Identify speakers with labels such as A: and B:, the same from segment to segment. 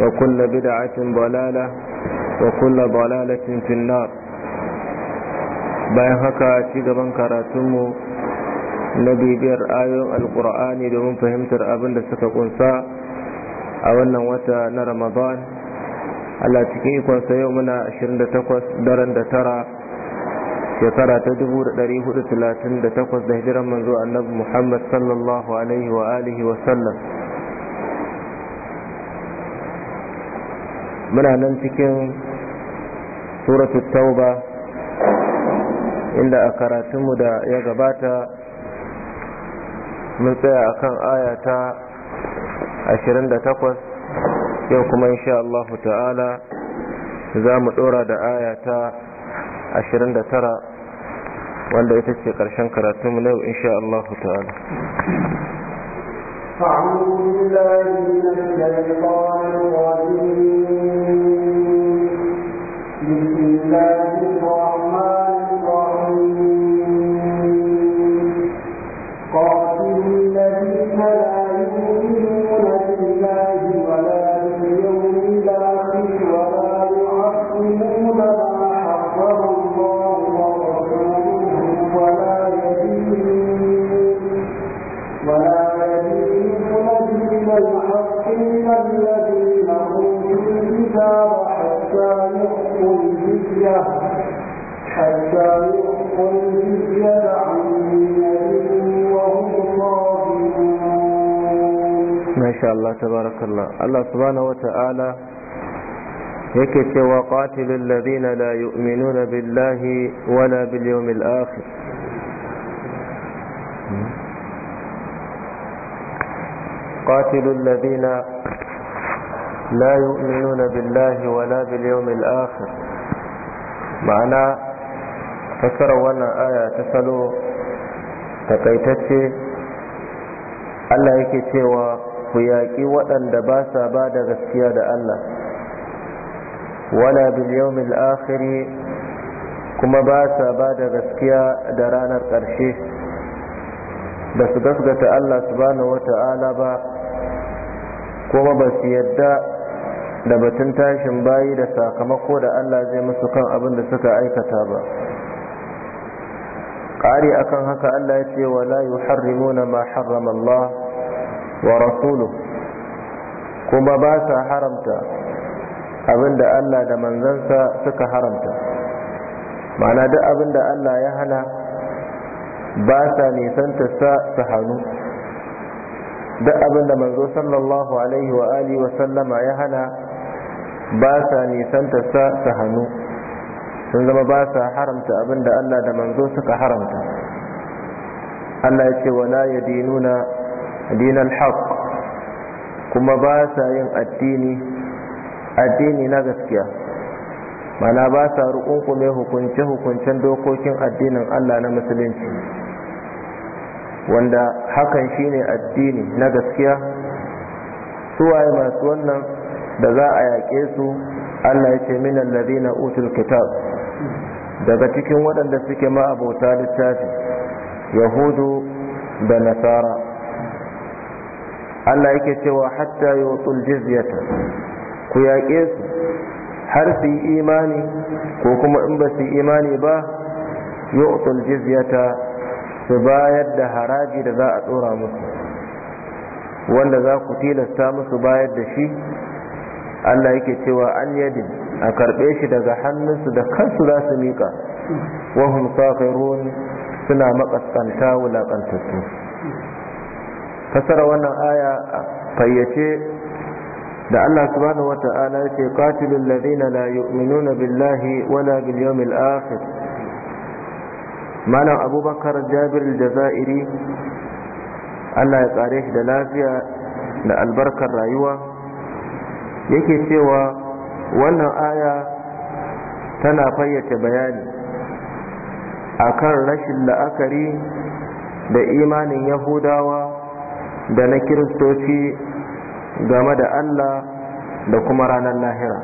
A: وكل بدعة ضلالة وكل ضلالة في النار bayan haka ci gaban karatunmu na bibiyar ayoyin alƙur'ani domin fahimtar abin da suka ƙunsa a wannan wata na ramadan Allah cikin ikonsa yau muna 28 daren da tara shekara ta 1438 da hijiran manzo annabi Muhammad sallallahu alaihi wa sallam muna nan cikin suratu tauba inda a karatunmu da ya gabata mun tsaya a ayata ashirin da takwas yau kuma insha Allah ta'ala za mu dora da ayata da tara wanda ita ce karshen karatunmu na yau insha Allah ta'ala
B: Thank you. الكتاب حتى يحكم الجزية حتى يحكم الجزية عن النبي وهم صادقون ما
A: شاء الله تبارك الله الله سبحانه وتعالى يكت وقاتل الذين لا يؤمنون بالله ولا باليوم الآخر قاتل الذين لا يؤمنون بالله Ma'ana باليوم wannan aya ta salo آية تسلو تقيتتي Allah yake cewa ku yaƙi waɗanda ba sa ba da gaskiya da Allah wala bil yawmil akhiri kuma ba sa ba da gaskiya da ranar ƙarshe ba su gaskata Allah subhanahu wata'ala ba kuma ba su yadda da batun tashin bayi da sakamako da Allah zai musu kan abin da suka aikata ba ƙari akan haka Allah ya ce wa la yuharrimuna ma harrama Allah wa rasuluhu kuma ba sa haramta abin da Allah da manzansa suka haramta ma'ana duk abin da Allah ya hana ba sa nisanta sa su hannu duk abin da manzo sallallahu alaihi wa alihi wa sallama ya hana ba sa nisan ta sa ta hannu sun zama ba sa haramta abin da Allah da manzo suka haramta Allah ya ce wala ya dinuna dinal haq kuma ba sa yin addini addini na gaskiya mana ba sa rukunkume hukunce-hukuncen dokokin addinin Allah na musulunci wanda hakan shine addini na gaskiya suwaye masu wannan da za a yaƙe su Allah ya ce minan na utul kitab daga cikin waɗanda suke ma abota littafi yahudu da nasara Allah yake cewa hatta yutul jizyata ku yaƙe su har su yi imani ko kuma in ba su yi imani ba yutul jizyata su bayar da haraji da za a tsora musu wanda za ku tilasta musu bayar da shi Allah yake cewa an yadin a karɓe shi daga hannunsu da kansu za su miƙa wahum sakhirun suna makaskanta wulaƙantattu fasara wannan
B: aya fayyace
A: da Allah subhanahu wata'ala yake qatilul ladina la yu'minuna billahi wala bil yawmil akhir malam abubakar jabir al-jazairi Allah ya kare shi da lafiya da albarkar rayuwa yake cewa wannan aya tana fayyace bayani a kan rashin la'akari da imanin yahudawa da na kiristoci game da allah da kuma ranar lahira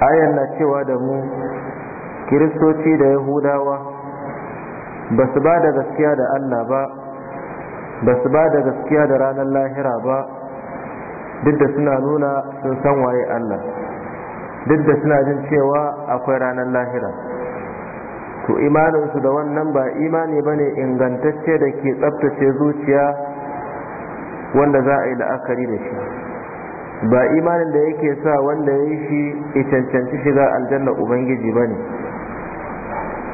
A: ayan na cewa da mu kiristoci da yahudawa ba su ba da gaskiya da allah ba ba su ba da gaskiya da ranar lahira ba duk da suna nuna sun san waye Allah duk da suna jin cewa akwai ranar lahira to imaninsu da wannan ba imani ba ne ingantacce da ke tsabtace zuciya wanda za a yi la'akari da shi ba imanin da yake sa wanda ya yi shi ya cancanci shiga aljanna ubangiji ba ne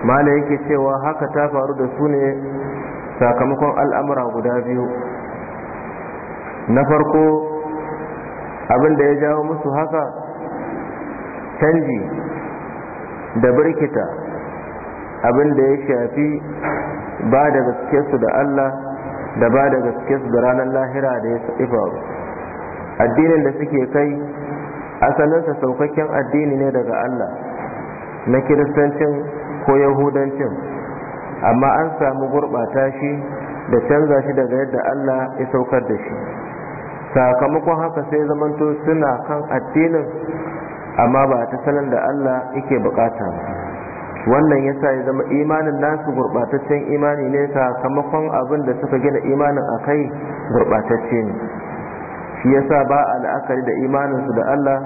A: mala yake cewa haka ta faru da su ne sakamakon al'amura guda biyu na farko abin da ya jawo musu haka canji da birkita abin da ya shafi ba da su da Allah da ba da su da ranar lahira da ya addinin da suke kai asalinsa saukakken addini ne daga Allah na kiristancin ko yahudancin amma an samu gurɓata shi da canza shi daga yadda Allah ya saukar da shi sakamakon haka sai zamanto suna kan addinin amma ba ta salon da Allah yake bukata wannan yasa ya zama imanin nasu gurɓataccen imani ne sakamakon abin da suka gina imanin a kai gurbatacce ne shi yasa ba a la'akari da imaninsu da Allah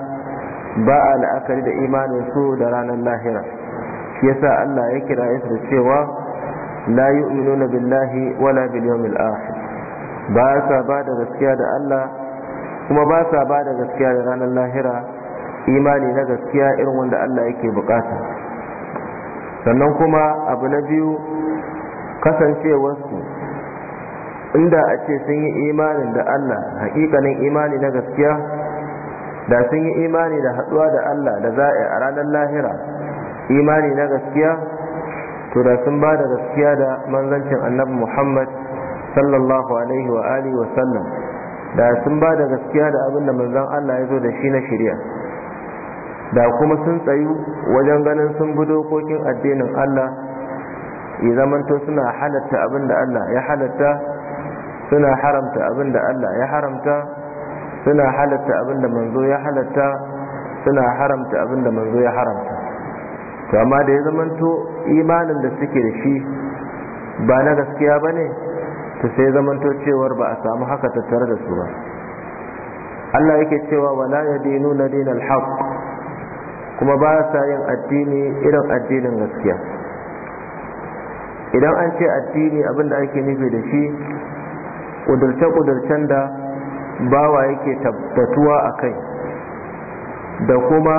A: ba a la'akari da imaninsu da ranar lahira shi yasa Allah ya kira da cewa la yu'minuna billahi wala bil yawmil akhir ba sa ba da gaskiya da Allah kuma ba sa ba da gaskiya da ranar lahira imani na gaskiya irin wanda Allah yake bukata sannan kuma abu na biyu kasancewarsu inda a ce sun yi imanin da Allah hakikanin imani na gaskiya da sun yi imani da haɗuwa da Allah da za a ranar lahira imani na gaskiya to da sun ba da gaskiya da manzancin annabi Muhammad sallallahu alaihi wa alihi wa sallam da sun ba da gaskiya da abin da manzon Allah ya zo da shi na shari'a da kuma sun tsayu wajen ganin sun bi dokokin addinin Allah ya zamanto suna halatta abin da Allah ya halatta suna haramta abin da Allah ya haramta suna halatta abin da manzo ya halatta suna haramta abin da manzo ya haramta to amma da ya zamanto imanin da suke da shi ba na gaskiya ba ne ta sai zamanto cewar ba a samu haka tattare da su ba Allah yake cewa wala na dinal alhaq kuma ba sa yin addini irin addinin gaskiya idan an ce addini abin da ake nufi da shi kudurce-kudurcen da bawa yake tabbatuwa a kai da kuma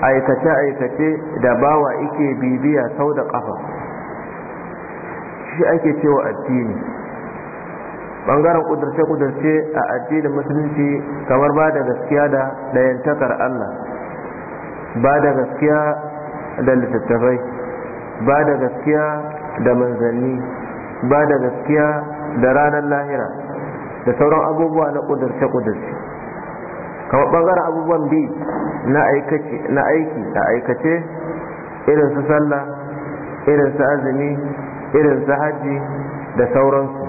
A: aikace-aikace da bawa yake bibiya sau da ƙafa shi ake cewa addini bangaren kudurce-kudurce a addinin musulunci kamar ba da gaskiya da dayantakar Allah ba da gaskiya da littattafai ba da gaskiya da manzanni ba da gaskiya da ranar lahira da sauran abubuwa na kudurce-kudurce kamar bangaren abubuwan bi na aiki a aikace irin su sallah irin su azumi irin su hajji da sauransu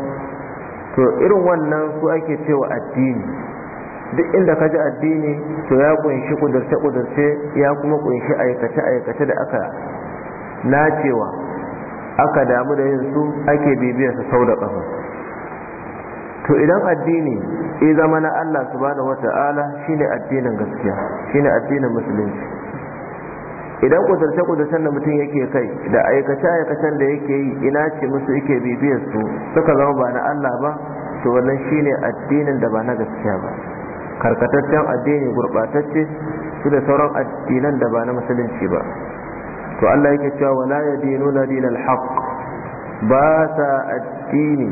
A: to irin wannan su ake cewa addini duk inda ka ji addini to ya kunshi kudurce-kudurce ya kuma kunshi aikace-aikace da aka nacewa aka damu da yin su ake su sau da kafa to idan addini ya zama na Allah subhanahu wata'ala shine addinin gaskiya shine addinin musulunci idan kudurce-kudurcen da mutum yake kai da aikace-aikacen da yake yi ina ce musu yake bibiyar su suka zama ba na Allah ba to wannan shine addinin da ba na gaskiya ba karkataccen addini gurbatacce su da sauran addinan da ba na musulunci ba to Allah yake cewa wala yadinuna dinal alhaq ba sa addini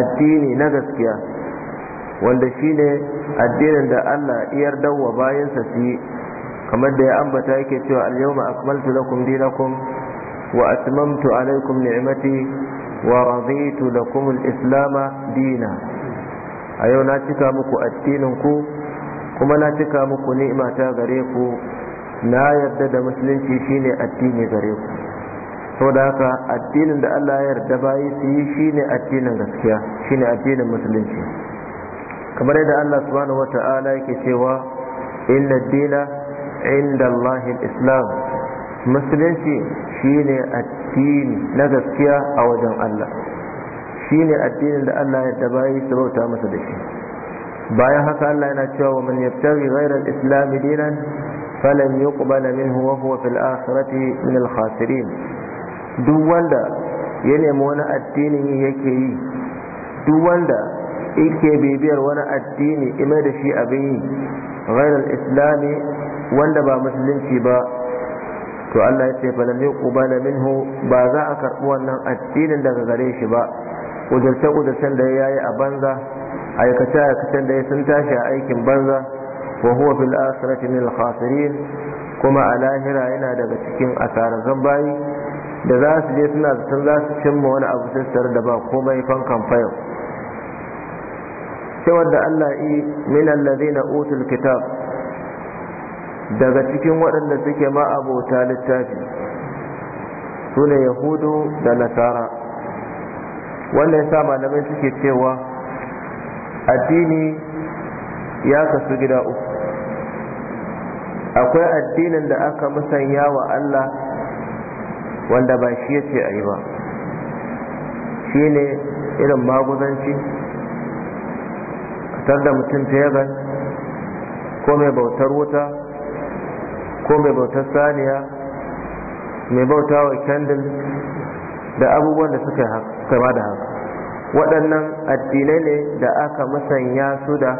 A: addini na gaskiya wanda shine addinin da Allah iyar dawwa bayansa su kamar da ya ambata yake cewa al-yawma akmaltu lakum dinakum wa atmamtu alaykum ni'mati wa raditu lakum al-islam dina a yau na cika muku addinin ku kuma na cika muku ni'ima ta gare ku na yarda da musulunci shine addini gare ku saboda haka addinin da Allah ya yarda bayi su yi shine addinin gaskiya shine addinin musulunci kamar yadda Allah subhanahu wata'ala yake cewa inna dina inda Islam musulunci shine addini na gaskiya a wajen Allah shine addinin da Allah ya dabayi su bauta masa da shi bayan haka Allah yana cewa wa man yabtaghi ghayra al-islam dinan falan yuqbala minhu wa huwa fil akhirati min al-khasirin duk wanda ya nemi wani addinin yake yi duk wanda yake bibiyar wani addini ima da shi abin yi ghayra al-islam wanda ba musulunci ba to Allah ya ce falam yuqbal minhu ba za a karɓi wannan addinin daga gare shi ba kudurce kudurcen da ya yi a banza aikace aikacen da ya sun tashi a aikin banza wa huwa fil akhirati min al khasirin kuma a lahira yana daga cikin asararren bayi da za su je suna zaton za su cimma wani abu sassar da ba komai fankan fayo cewar da Allah yi min alladhina utul kitab daga cikin waɗanda suke ma ma'abota littafi su ne yahudu da nasara wannan sa malamai suke cewa addini ya kasu gida uku akwai addinin da aka musanya wa Allah wanda ba shi ya ce a yi ba shi ne irin maguzanci tar da mutum tegan ko mai bautar wuta ko mai bautar saniya mai bauta wa candle da abubuwan da suka kama da haka waɗannan addinai ne da aka musanya su da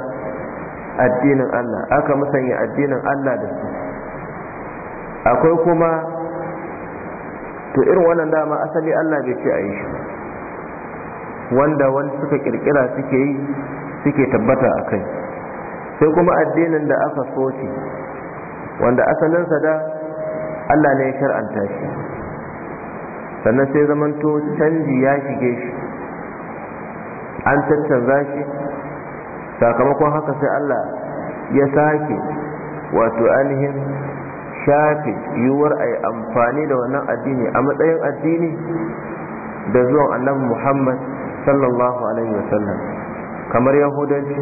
A: addinin Allah aka musanya addinin Allah da su akwai kuma to irin wannan dama asali Allah bai ce a yi shi wanda wani suka kirkira suke yi suke tabbata a kai sai kuma addinin da aka soke wanda asalinsa da Allah ne ya shar'anta shi sannan sai zamanto canji ya shige shi an tattanza shi sakamakon haka sai Allah ya sake wato ainihin shafe yiwuwar a yi amfani da wannan addini a matsayin addini da zuwan annabi Muhammad sallallahu alaihi wasallam kamar yahudanci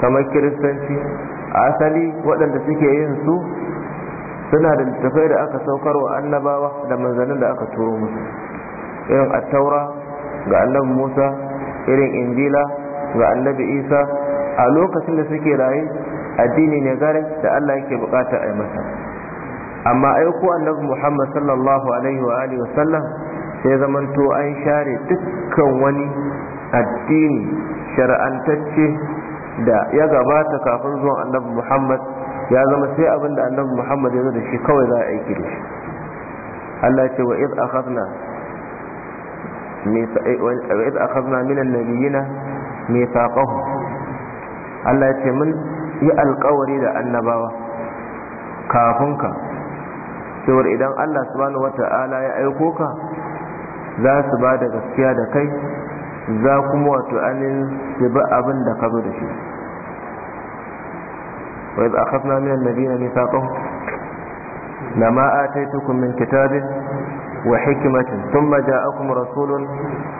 A: kamar kiristanci asali waɗanda suke yin su suna da littafai da aka saukar wa annabawa da manzannin da aka turo musu irin attaura ga annabi musa irin injila ga annabi isa a lokacin da suke raye addini ne gare da allah yake bukata a yi masa amma aiko annabi muhammad sallallahu alaihi wa alihi wasallam sai zamanto an share dukkan wani addini shar'antacce da ya gabata kafin zuwan annabi muhammad ya zama sai abin da annabi muhammad ya zo da shi kawai za a aiki da shi allah ce wa iz akhadna eh, wa iz akhadna min annabiyina mithaqahu allah ya ce mun yi alkawari da annabawa kafin ka cewar idan allah subhanahu wata'ala ya aiko ka za su ba da gaskiya da kai za kuma wato anin su bi abin da ka zo da shi وإذ أخذنا من النبيين ميثاقهم لما آتيتكم من كتاب وحكمة ثم جاءكم رسول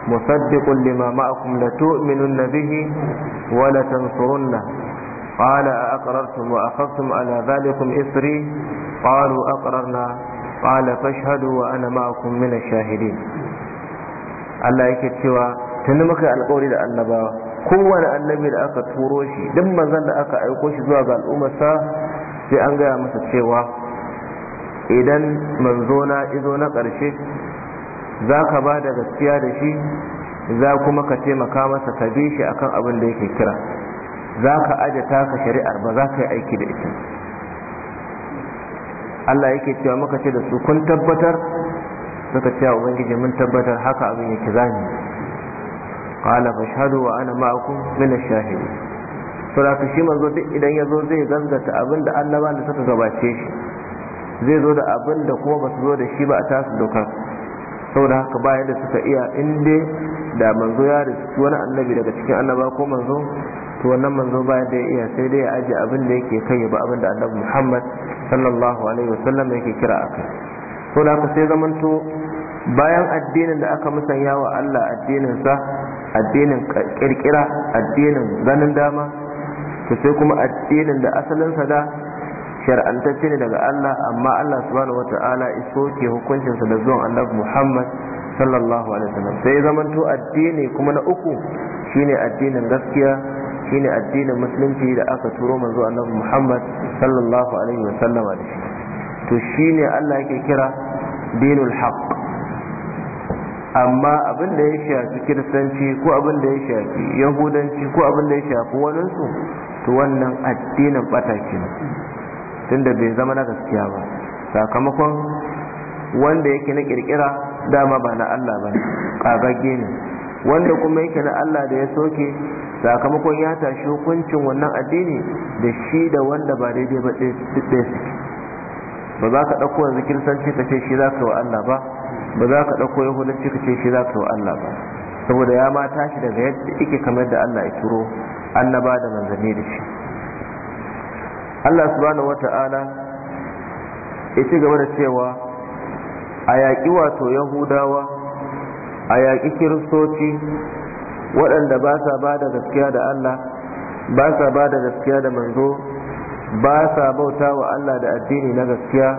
A: مصدق لما معكم لتؤمنن به ولتنصرنه قال أأقررتم وأخذتم على ذلكم إصري قالوا أقررنا قال فاشهدوا وأنا معكم من الشاهدين الله يكتشوا تنمك القول لأنبا kowane annabi da aka turo shi duk manzan da aka aiko shi zuwa ga sa sai an gaya masa cewa idan manzo na izo na ƙarshe za ka ba da gaskiya da shi za kuma ka taimaka masa ka bi shi akan abin da yake kira za ka aje taka shari'ar ba za ka yi aiki da ita Allah yake cewa muka ce da su kun tabbatar suka cewa ubangiji mun tabbatar haka abin yake zani qala fashhadu wa ana ma'akum min ash-shahidin to da shi manzo duk idan yazo zai gangata abinda Allah da suka gabace shi zai zo da abin da kuma ba su zo da shi ba a tasu dokar saboda haka bayan da suka iya in inda da manzo ya riski wani annabi daga cikin annaba ko manzo to wannan manzo bayan da ya iya sai dai ya aje abin da yake kai ba abin da annabi Muhammad sallallahu alaihi wasallam yake kira akai to da haka sai zamanto bayan addinin da aka musanya wa Allah addinin sa addinin kirkira addinin ganin dama to sai kuma addinin da asalinsa da shar'antacce ne daga Allah amma Allah subhanahu wata'ala iso ke hukuncinsa da zuwan annabi Muhammad sallallahu alaihi wasallam sai zaman to addini kuma na uku shine addinin gaskiya shine addinin musulunci da aka turo manzo annabi Muhammad sallallahu alaihi wasallam da shi to shine Allah yake kira dinul haqq amma abin da ya shafi kiristanci ko abin da ya shafi yahudanci ko abin da ya shafi waninsu to wannan addinin bataki ne tunda bai zama na gaskiya ba sakamakon wanda yake na kirkira dama ba na Allah ba kagagge ne wanda kuma yake na Allah da ya soke sakamakon ya tashi hukuncin wannan addini da shi da wanda ba daidai ba ɗaya suke ba za ka ɗauko yanzu kiristanci ka ce shi za ka wa Allah ba ba za ka ɗauko yahudanci ka ce shi za ka yi Allah ba saboda ya ma tashi daga yadda ike kamar da Allah ya turo annaba da manzanni da shi Allah subhanahu wata'ala ya ci gaba da cewa a yaƙi wato yahudawa a yaƙi kiristoci waɗanda ba sa ba da gaskiya da Allah ba sa ba da gaskiya da manzo ba sa bauta wa Allah da addini na gaskiya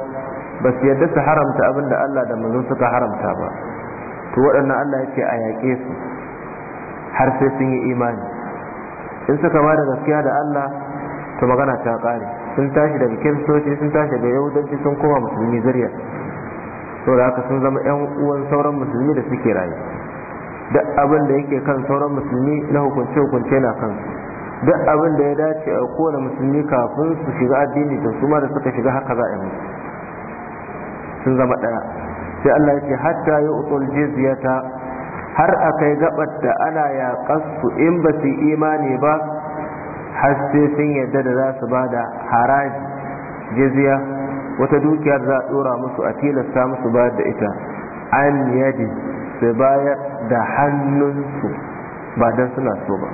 A: ba su yadda su haramta abin da Allah da manzon suka haramta ba to waɗannan Allah ya a yaƙe su har sai sun yi imani in suka ba da gaskiya da Allah to magana ta ƙare sun tashi daga kiristoci sun tashi daga yahudanci sun koma musulmi zuriya to da haka sun zama ƴan uwan sauran musulmi da suke rayu duk abin da yake kan sauran musulmi na hukunce hukunce na kan duk abin da ya dace a kowane musulmi kafin su shiga addini to su ma da suka shiga haka za a yi musu sun zama ɗaya sai Allah ya ce hatta ya utul jizyata har a kai gabar da ana ya in ba su imani ba har sai sun yadda da za su ba da haraji jizya wata dukiyar za a ɗora musu a tilasta musu ba da ita an yadi su bayar da hannunsu ba don suna so ba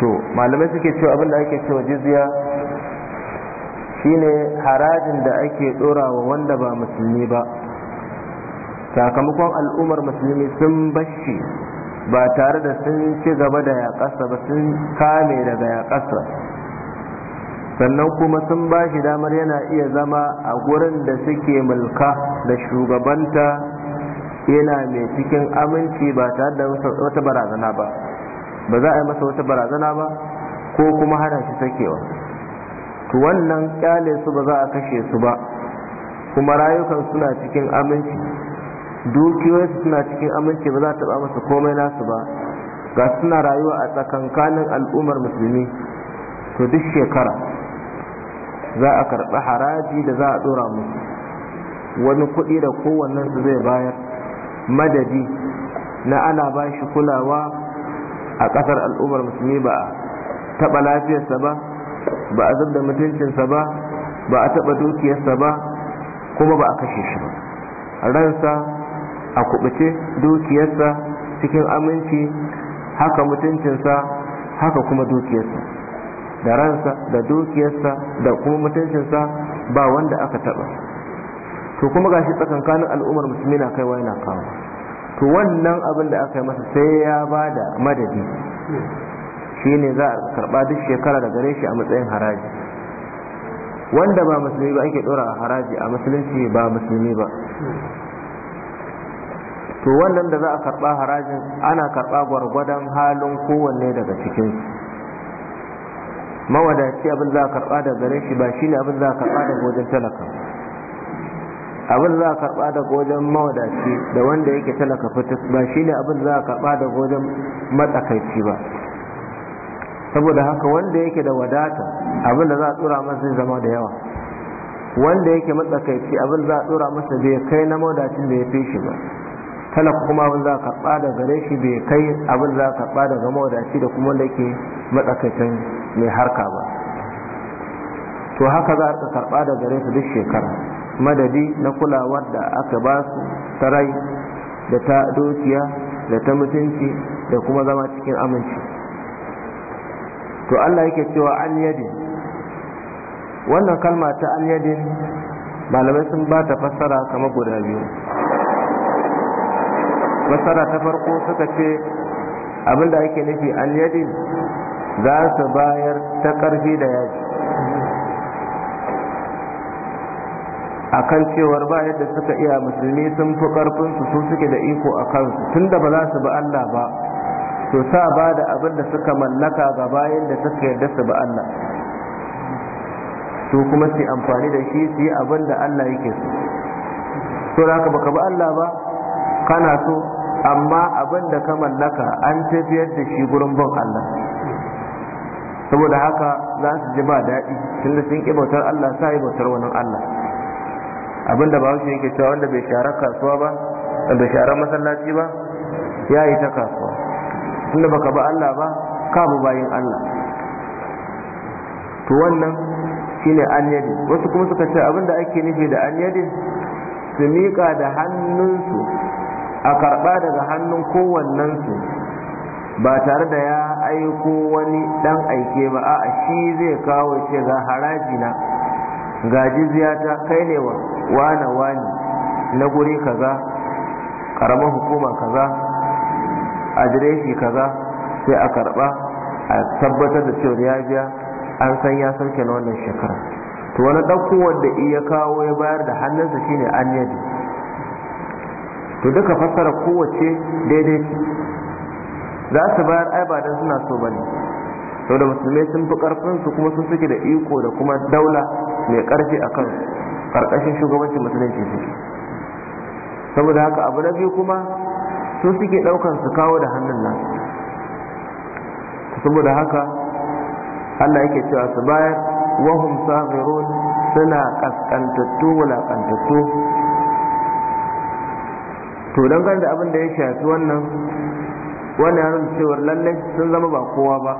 A: to malamai suke cewa abinda da ake cewa jizya shine harajin da ake dora wanda ba musulmi ba sakamakon al'ummar musulmi sun bashi ba tare da sun ci gaba da yaƙasa ba sun kame daga yaƙasa sannan kuma sun ba shi damar yana iya zama a gurin da suke mulka da shugabanta yana mai cikin aminci ba tare da wata barazana ba ba za a yi masa wata barazana ba ko kuma hana shi sakewa to wannan kyale su ba za a kashe su ba kuma rayukan suna cikin aminci dukiyoyinsu suna cikin aminci ba za ta ba masa komai nasu ba ga suna rayuwa a tsakankanin al'ummar musulmi to duk shekara za a karɓi haraji da za a ɗora musu wani kuɗi da kowannen su zai bayar madadi na ana ba shi kulawa a ƙasar al'ummar musulmi ba a taɓa lafiyarsa ba ba a da mutuncinsa ba ba a taɓa dukiyarsa ba kuma ba a kashe shi ba ransa a kubuce dukiyarsa cikin aminci haka mutuncinsa haka kuma dukiyarsa da ransa da dukiyarsa da kuma mutuncinsa ba wanda aka taɓa to kuma gashi tsakankanin al'ummar musulmi na kaiwa yana kawo to wannan abin da aka yi masa sai ya ba da madadi shine za a karba duk shekara da gare shi a matsayin haraji wanda ba musulmi ba ake dora haraji a musulunci ba musulmi ba to wannan da za a karba harajin ana karba gwargwadon halin kowanne daga cikin mawadaci abin za a karba da gare shi ba shine abin za a karba da wajen talaka abin za a karba da wajen mawadaci da wanda yake talaka fitis ba shine abin za a karba da wajen matsakaici ba saboda haka wanda yake da wadata abin da za a tsura masa zai zama da yawa wanda yake matsakaici abin za a tsura masa bai kai na maudacin da ya fi shi ba talaka kuma abin za a karɓa da gare shi bai kai abin za a karɓa daga maudaci da kuma da yake matsakaicin mai harka ba to haka za a karɓa da gare su duk shekara madadi na kulawar da aka ba su ta rai da ta dukiya da ta mutunci da kuma zama cikin aminci to Allah yake cewa an wannan kalma ta an malamai sun ba ta fassara kamar guda biyu fassara ta farko suka ce abinda ake nufi an za su bayar ta ƙarfi da yaji A kan cewar ba yadda suka iya musulmi sun fi ƙarfinsu su suke da iko a kansu tunda ba za su bi Allah ba to sa ba da abin da suka mallaka ga bayan da suka yarda su ba Allah to kuma su amfani da shi su yi abin da Allah yake so to ka baka ba Allah ba kana so amma abin da ka mallaka an tafiyar da shi gurin bin Allah saboda haka za su ji ba daɗi tunda sun ƙi bautar Allah sa yi bautar wani Allah abin da ba yake cewa wanda bai share kasuwa ba bai masallaci ba ya yi ta kasuwa tunda baka ba Allah ba ka bu bayin Allah to wannan shine an yadi wasu kuma suka ce da ake nufi da an yadi su miƙa da hannunsu a karɓa daga hannun kowannensu ba tare da ya aiko wani ɗan aike ba a shi zai kawo ce ga haraji na ga jizyata kai ne wa wane wani na guri kaza ƙaramar hukuma kaza adireshi kaza sai a karba a tabbatar da cewa ya biya an san ya sauke na wannan shekara to wani ɗauko wanda iya kawo ya bayar da hannunsa shine an yadi to duka fassara kowace daidai ce za su bayar ai ba dan suna so bane to da musulmai sun fi karfin su kuma sun suke da iko da kuma daula mai karfi a kan karkashin shugabancin musulunci suke saboda haka abu na biyu kuma su suke ɗaukar su kawo da hannun nasu saboda haka Allah yake cewa su bayar wahum sabirun suna kaskantattu wulakantattu to dangane da abin da ya shafi wannan wani ya nuna cewar lallai sun zama ba kowa ba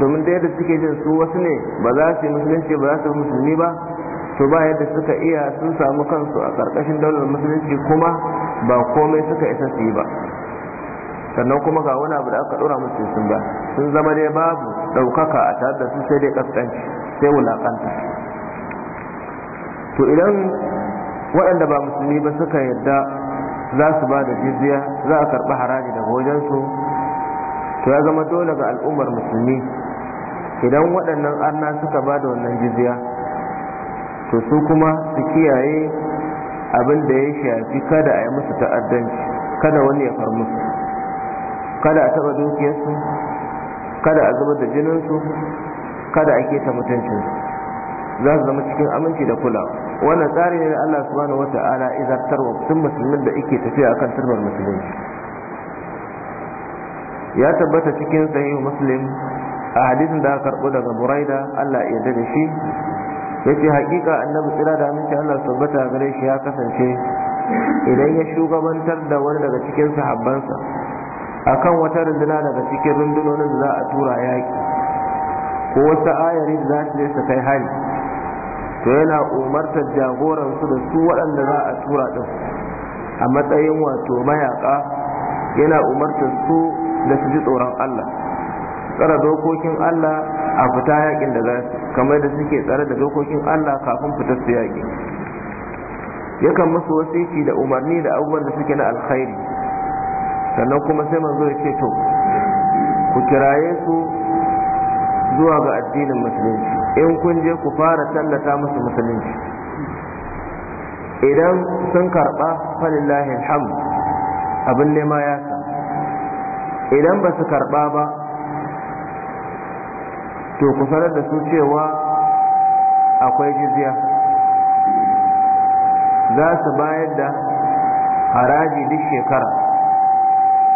A: domin da yadda suke jin su wasu ne ba za su yi musulunci ba za su yi musulmi ba to ba yadda suka iya sun samu kansu a ƙarƙashin daular musulunci kuma ba komai suka isa su yi ba sannan kuma ga wani abu da aka dora musu sun ba sun zama dai babu ɗaukaka a tare da su sai dai kaskanci sai wulakanta to idan waɗanda ba musulmi ba suka yarda za su ba da jizya za a karɓi haraji daga wajensu to ya zama dole ga al'ummar musulmi idan waɗannan arna suka ba da wannan jizya to su kuma su kiyaye abin da ya shafi kada a yi musu ta'addanci kada wani ya far musu kada a taɓa dukiyarsu kada a zuba da jininsu kada a keta mutuncinsu za su zama cikin aminci da kula wannan tsari ne da Allah subhanahu wata'ala izartar tarwa sun musulmin da yake tafiya akan turbar musulunci ya tabbata cikin sahihu muslim a hadisin da aka karbo daga buraida Allah ya da shi yace hakika annabi tsira da aminci Allah tabbata gare shi ya kasance idan ya shugabantar da wani daga cikin sahabbansa akan wata runduna daga cikin rundunonin da za a tura yaƙi ko wata ayari da za su yi su kai hari to yana umartar jagoransu da su waɗanda za a tura ɗin a matsayin wato mayaƙa yana umartar su da su ji tsoron Allah tsara dokokin Allah a fita yaƙin da za su kamar da suke tsare da dokokin Allah kafin fitar su yaƙi yakan musu wasiki da umarni da abubuwan da suke na alkhairi sannan kuma sai manzo ya ce to ku kiraye su zuwa ga addinin musulunci in kun je ku fara tallata musu musulunci idan sun karɓa falillahi alhamd abin nema ya sa idan ba su karɓa ba to ku sanar da su cewa akwai jizya za su bayar da haraji duk shekara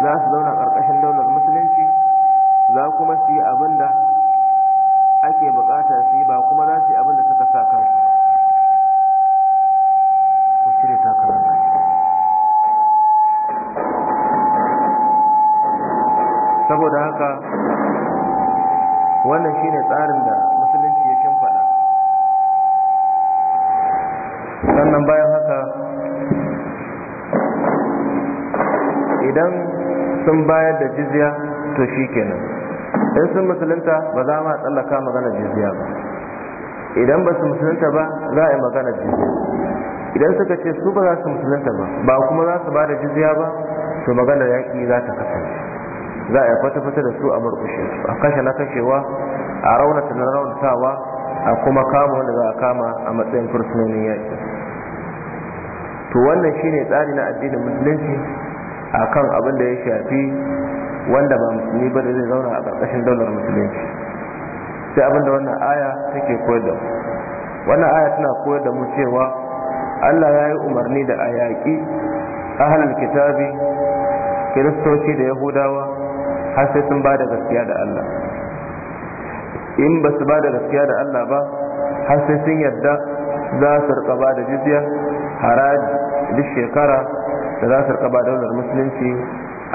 A: za su zauna ƙarƙashin daular musulunci za kuma su yi abin da ake bukata su yi ba kuma za su yi abin da suka sa kansu ku cire takalman saboda haka wannan shi ne tsarin da musulunci ya shimfaɗa sannan bayan haka idan sun bayar da jizya to shi kenan in sun musulunta ba za ma tsallaka magana jizya ba idan ba su musulunta ba za a yi magana jizya idan suka ce su ba za su musulunta ba ba kuma za su ba da jizya ba to magana yaƙi za ta kasance za a yi kwata-kwata da su a murkushe a kashe na kashewa a raunata na raunatawa a kuma kama wanda za a kama a matsayin fursunonin yaƙi to wannan shine tsari na addinin musulunci akan abin da ya shafi wanda ba musulmi ba da zai zauna a ƙarƙashin daular musulunci sai abin da wannan aya take koyar da mu wannan aya tana koyar da mu cewa Allah ya yi umarni da a yaƙi ahalar kitabi kiristoci da yahudawa har sai sun ba gaskiya da Allah in ba su ba da gaskiya da Allah ba har sai sun yarda za su rika ba da jizya haraji duk shekara da za su rika ba daular musulunci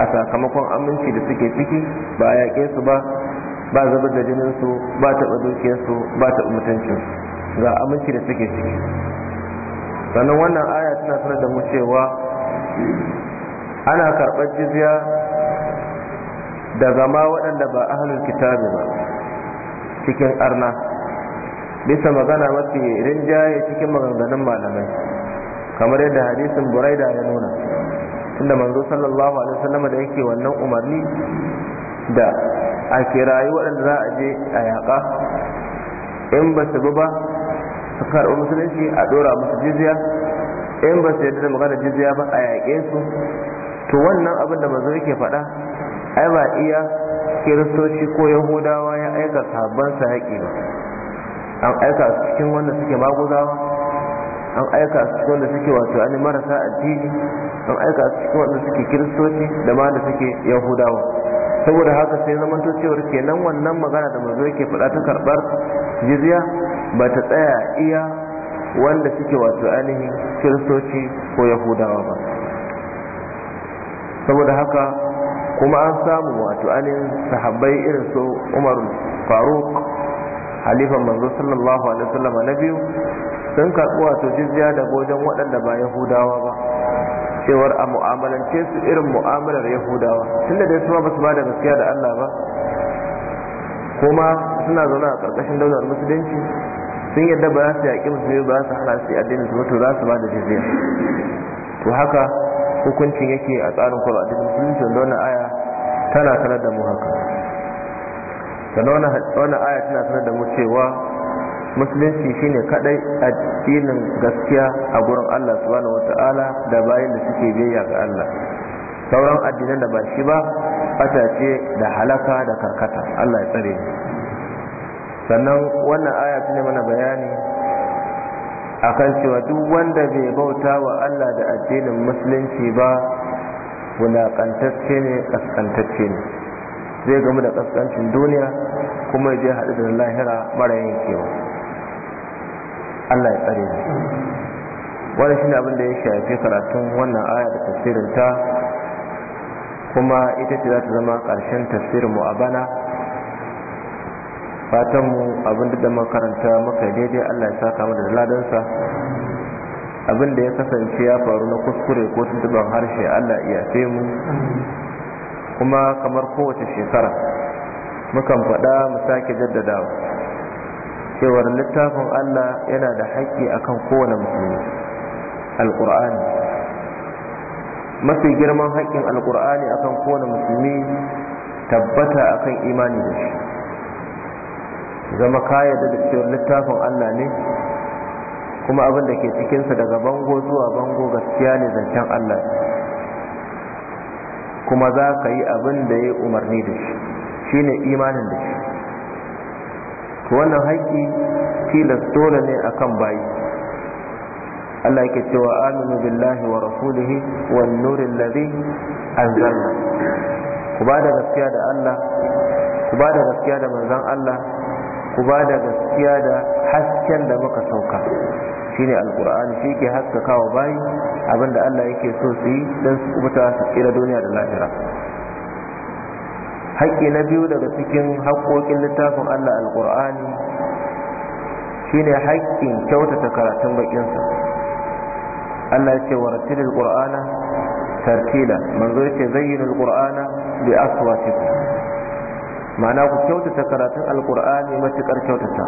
A: a sakamakon aminci da suke ciki ba a yaƙe su ba ba zubar da jininsu ba taɓa dukiyarsu ba taɓa mutuncinsu ga aminci da suke ciki sannan wannan aya tana sanar da mu cewa ana karɓar jizya da zama waɗanda ba ahalul kitabi ba cikin arna bisa magana mafi rinjaye cikin maganganun malamai kamar yadda hadisin buraida ya nuna tunda manzo sallallahu alaihi wasallam da yake wannan umarni da a kirayi waɗanda za a je a yaƙa in ba su ba su karɓi musulunci a ɗora musu jizya in ba su yadda da magana jizya ba a yaƙe su to wannan abin da manzo yake faɗa ai ba iya kiristoci ko yahudawa ya aika sabon sa haƙi ba an aika cikin wanda suke maguzawa an aika su cikin wanda suke wato ani marasa addini an aika su cikin wanda suke kiristoci da ma da suke yahudawa saboda haka sai to cewar kenan wannan magana da mazo yake faɗa ta karɓar jizya ba ta tsaya iya wanda suke wato ainihin kiristoci ko yahudawa ba saboda haka kuma an samu wato ainihin sahabbai irin su umar faruk halifan manzo sallallahu alaihi wasallam na biyu sun karɓi wato jizya daga wajen waɗanda ba yahudawa ba cewar a mu'amalance su irin mu'amalar yahudawa da dai su ba su ba da gaskiya da allah ba kuma suna zaune a ƙarƙashin daular musulunci sun yadda ba za su yaƙi musulmi ba su hana su addinin su mutu za su ba da jizya to haka hukuncin yake a tsarin kwallo addinin musulunci wanda wani aya tana sanar da mu haka sannan wannan aya tana sanar da mu cewa musulunci shine kadai addinin gaskiya a gurin Allah subhanahu wata'ala da bayan da suke biyayya ga Allah sauran addinan da ba shi ba fata ce da halaka da karkata Allah ya tsare sannan wannan aya ne mana bayani akan cewa duk wanda bai bauta wa Allah da addinin musulunci ba wulaƙantacce ne kaskantacce ne zai gamu da kaskancin duniya kuma ya je haɗu da lahira mara yankewa Allah ya tsare mu wannan shine abin da ya shafi karatun wannan aya da tafsirin ta kuma ita ce za ta zama ƙarshen tafsirin mu a bana Fatanmu mu abin da makaranta muka daidai Allah ya saka mu da ladansa abin da ya kasance ya faru na kuskure ko tuntuban harshe Allah ya yafe mu kuma kamar kowace shekara mukan faɗa mu sake jaddadawa cewar littafin Allah yana da haƙƙi akan kowane musulmi alƙur'ani mafi girman haƙƙin alƙur'ani akan kowane musulmi tabbata akan imani da shi zama ka da cewar littafin Allah ne kuma abin da ke cikinsa daga bango zuwa bango gaskiya ne zancen Allah kuma za ka yi abin da ya umarni da shi shine imanin da shi wannan haƙƙi tilas dole ne akan bayi Allah yake cewa aminu billahi wa rasulihi wa nurin ladhi anzalna ku ba da gaskiya da Allah ku ba da gaskiya da manzon Allah ku ba da gaskiya da hasken da muka sauka shine alqur'ani shi ke wa bayi abinda Allah yake so su yi dan su kubuta su tsira duniya da lahira haƙƙi na biyu daga cikin haƙƙoƙin littafin Allah alƙur'ani shine haƙƙin kyautata karatun baƙinsa Allah ya ce wa qur'ana tartila manzo yace zayyinul qur'ana bi aswatikum ma'ana ku kyautata karatun alƙur'ani matuƙar kyautata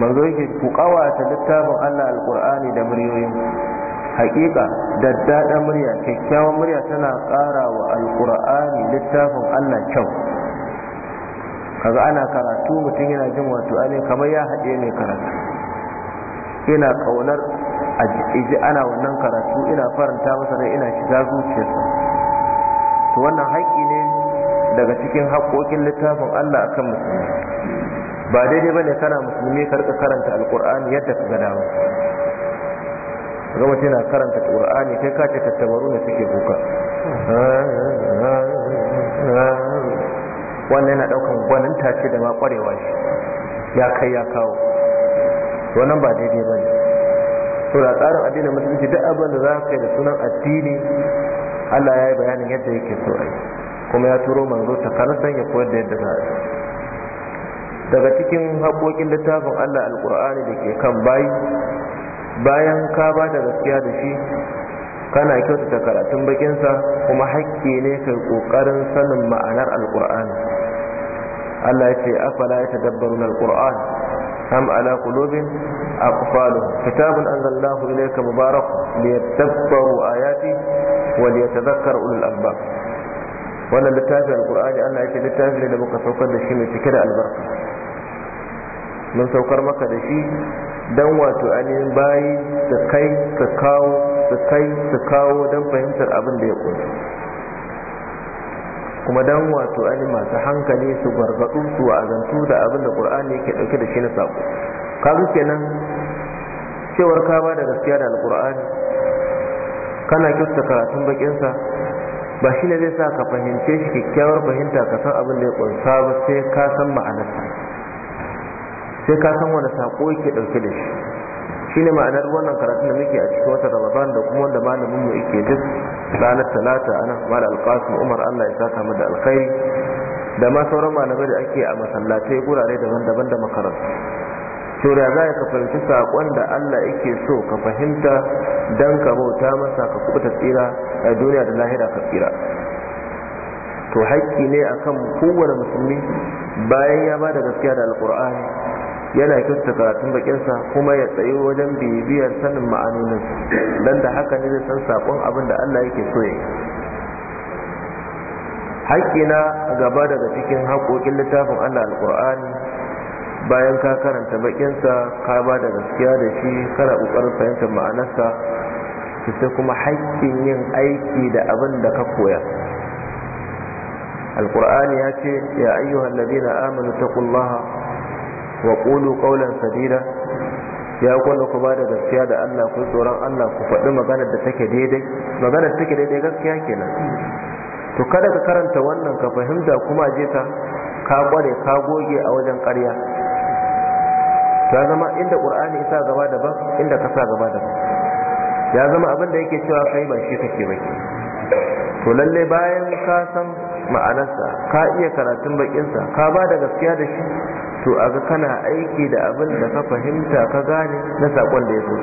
A: manzo yake ku ƙawata littafin Allah alƙur'ani da muryoyin haƙiƙa daddada murya kyakkyawan murya tana ƙara wa alƙur'ani littafin allah kyau kaga ana karatu mutum yana jin wato ne kamar ya haɗe mai karatu ina ƙaunar ji ana wannan karatu ina faranta masa rai ina shiga zuciyarsa to wannan haƙƙi ne daga cikin haƙƙoƙin littafin allah akan musulmi ba daidai bane kana musulmi ka rika karanta alƙur'ani yadda ka ga dama ga tana karanta qur'ani kai ka ce tattabaru ne suke kuka wannan yana daukan gwaninta ce da ma ƙwarewa shi ya kai ya kawo wannan ba daidai ba ne to da tsarin addinin musulunci duk abin da za ka kai da sunan addini Allah ya yi bayanin yadda yake so a kuma ya turo manzo ta dan ya koyar da yadda za a daga cikin haƙoƙin littafin Allah alƙur'ani da ke kan bayi bayan ka ba da gaskiya da shi kana kyautata karatun bakinsa kuma hakki ne kai kokarin sanin ma'anar alqur'ani Allah ya ce afala yatadabbarun alqur'an am ala qulubin aqfalu kitabun anzalallahu ilayka mubarak liyadabbaru ayati wa liyatadhakkaru ulul alba. wannan littafin alqur'ani Allah ya ce littafin ne da muka saukar da shi mai cike da albarka mun saukar maka da shi Dan wato ainihin bayi da kai su kawo da kai ka kawo don fahimtar abin da ya kunshi kuma don wato ainihin masu hankali su gargadu su wa'azantu da abin da ƙur'ani yake ɗauke da shi na saƙo kaga kenan cewar ka ba da gaskiya da alƙur'ani kana kyauta karatun bakinsa ba shi ne zai sa ka fahimce shi kyakkyawar fahimta ka san abin da ya ƙunsa ba sai ka san ma'anarsa sai ka san wani sako yake dauke da shi ne ma'anar wannan karatun da muke a cikin watan ramadan da kuma wanda malamin mu yake duk ranar talata a anan da alkasu umar Allah ya saka mu da alkhairi da ma sauran malamai da ake a masallatai gurare daban-daban da makarantu to da za ka fahimci sakon da Allah yake so ka fahimta dan ka bauta masa ka kubuta tsira a duniya da lahira ka tsira to haƙƙi ne akan kowane musulmi bayan ya ba da gaskiya da alƙur'ani yana kyauta karatun bakinsa kuma ya tsayi wajen bibiyar sanin ma'anonin don da haka ne zai san sakon abin da Allah yake so ya haƙƙi na gaba daga cikin haƙoƙin littafin Allah Al-Ƙur'ani, bayan ka karanta bakinsa ka ba da gaskiya da shi kana ƙoƙarin fahimtar ma'anarsa sai kuma haƙƙin yin aiki da abin da ka koya alƙur'ani ya ce ya ayyuhan آمنوا amanu الله wa qulu qawlan sadida ya kwallo ku bada gaskiya da Allah ku tsoron Allah ku faɗi magana da take daidai maganar take daidai gaskiya kenan to kada ka karanta wannan ka fahimta kuma je ka ka kware ka goge a wajen ƙarya ya zama inda qur'ani isa gaba da daban inda ka sa gaba daban ya zama abin da yake cewa kai ba shi kake ba to lalle bayan ka san ma'anarsa ka iya karatun bakinsa ka ba da gaskiya da shi to a ga kana aiki da abin da ka fahimta ka gane na saƙon da ya zo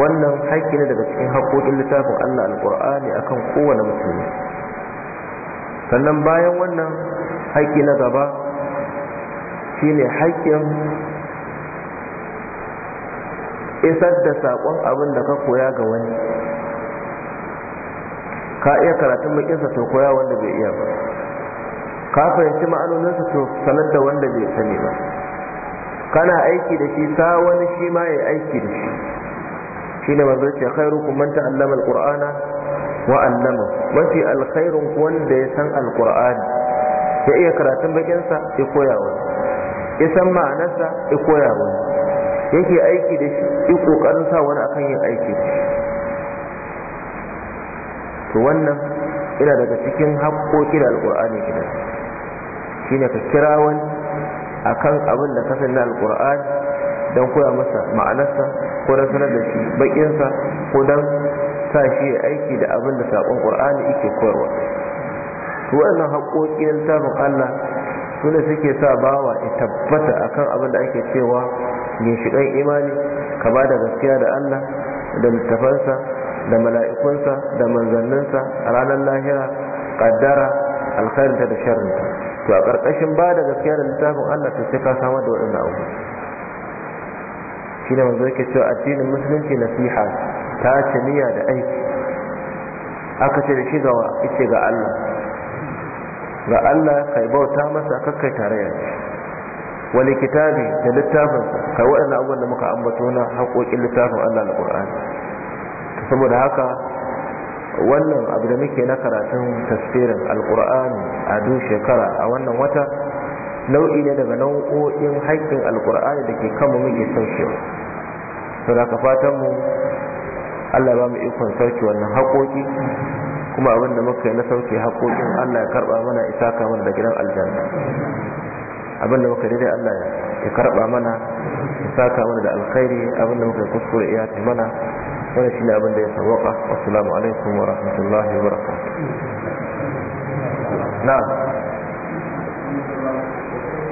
A: wannan haƙƙi ne daga cikin haƙoƙin littafin Allah alƙur'ani kan kowane musulmi sannan bayan wannan haƙƙi na gaba shine haƙƙin isar da saƙon abin da ka koya ga wani ka iya karatun makinsa to koya wanda bai iya ba ka fahimci ma'anoninsa to sanar da wanda bai sani ba kana aiki da shi sa wani shi ma ya aiki da shi shi ne manzo ce khairukum man ta'allama alqur'ana wa 'allama mafi alkhairun wanda ya san alqur'ani ya iya karatun bakin sa ya koya ya san ma'anarsa ya koya yake aiki da shi ya kokarin sa wani akan yin aiki da to wannan ina daga cikin haƙƙoƙi da alƙur'ani gidan shine ka kira wani akan abin da ka sani na alqur'ani dan koya masa ma'anarsa ko dan sanar da shi bakinsa ko dan sa shi aiki da abin da sakon qur'ani yake koyarwa to wannan haƙoƙi na Allah su suke sa bawa ya tabbata akan abin da ake cewa ne shigan imani ka ba da gaskiya da Allah da littafansa da mala'ikunsa da manzanninsa a ranar lahira ƙaddara alkhairinta da sharinta. to a ƙarƙashin ba da gaskiya da littafin Allah to sai ka samar da waɗannan abu shi ne manzo yake cewa addinin musulunci nasiha ta ce niyya da aiki aka ce da shi ga yake ga Allah ga Allah kai bauta masa kakkai tarayya wani likitabi da littafinsa kai waɗannan abubuwan da muka ambato na haƙoƙin littafin Allah na Qur'ani saboda haka wannan abu da muke na karatun tafsirin alkur'ani a duk shekara a wannan wata nau'i ne daga nau'o'in haƙƙin alkur'ani da ke kama muke saukewa to da fatan mu Allah ba mu ikon sauke wannan haƙoƙi kuma abin da muka yi na sauke haƙoƙin Allah ya karɓa mana isa kamar da gidan aljanna abin da muka yi daidai Allah ya karɓa mana isa kamar da alkhairi abin da muka yi kuskure iya mana wani shi ne abin da ya sauwaka wasu alaikum wa rahmatullahi wa rahmatullahi
B: na